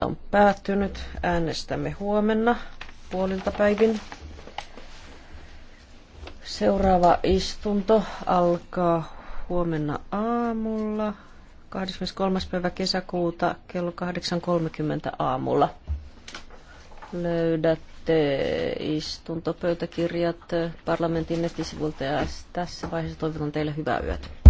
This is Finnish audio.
on päättynyt. Äänestämme huomenna puolilta päivin. Seuraava istunto alkaa huomenna aamulla 23. päivä kesäkuuta kello 8.30 aamulla. Löydätte istuntopöytäkirjat parlamentin nettisivuilta ja tässä vaiheessa toivotan teille hyvää yötä.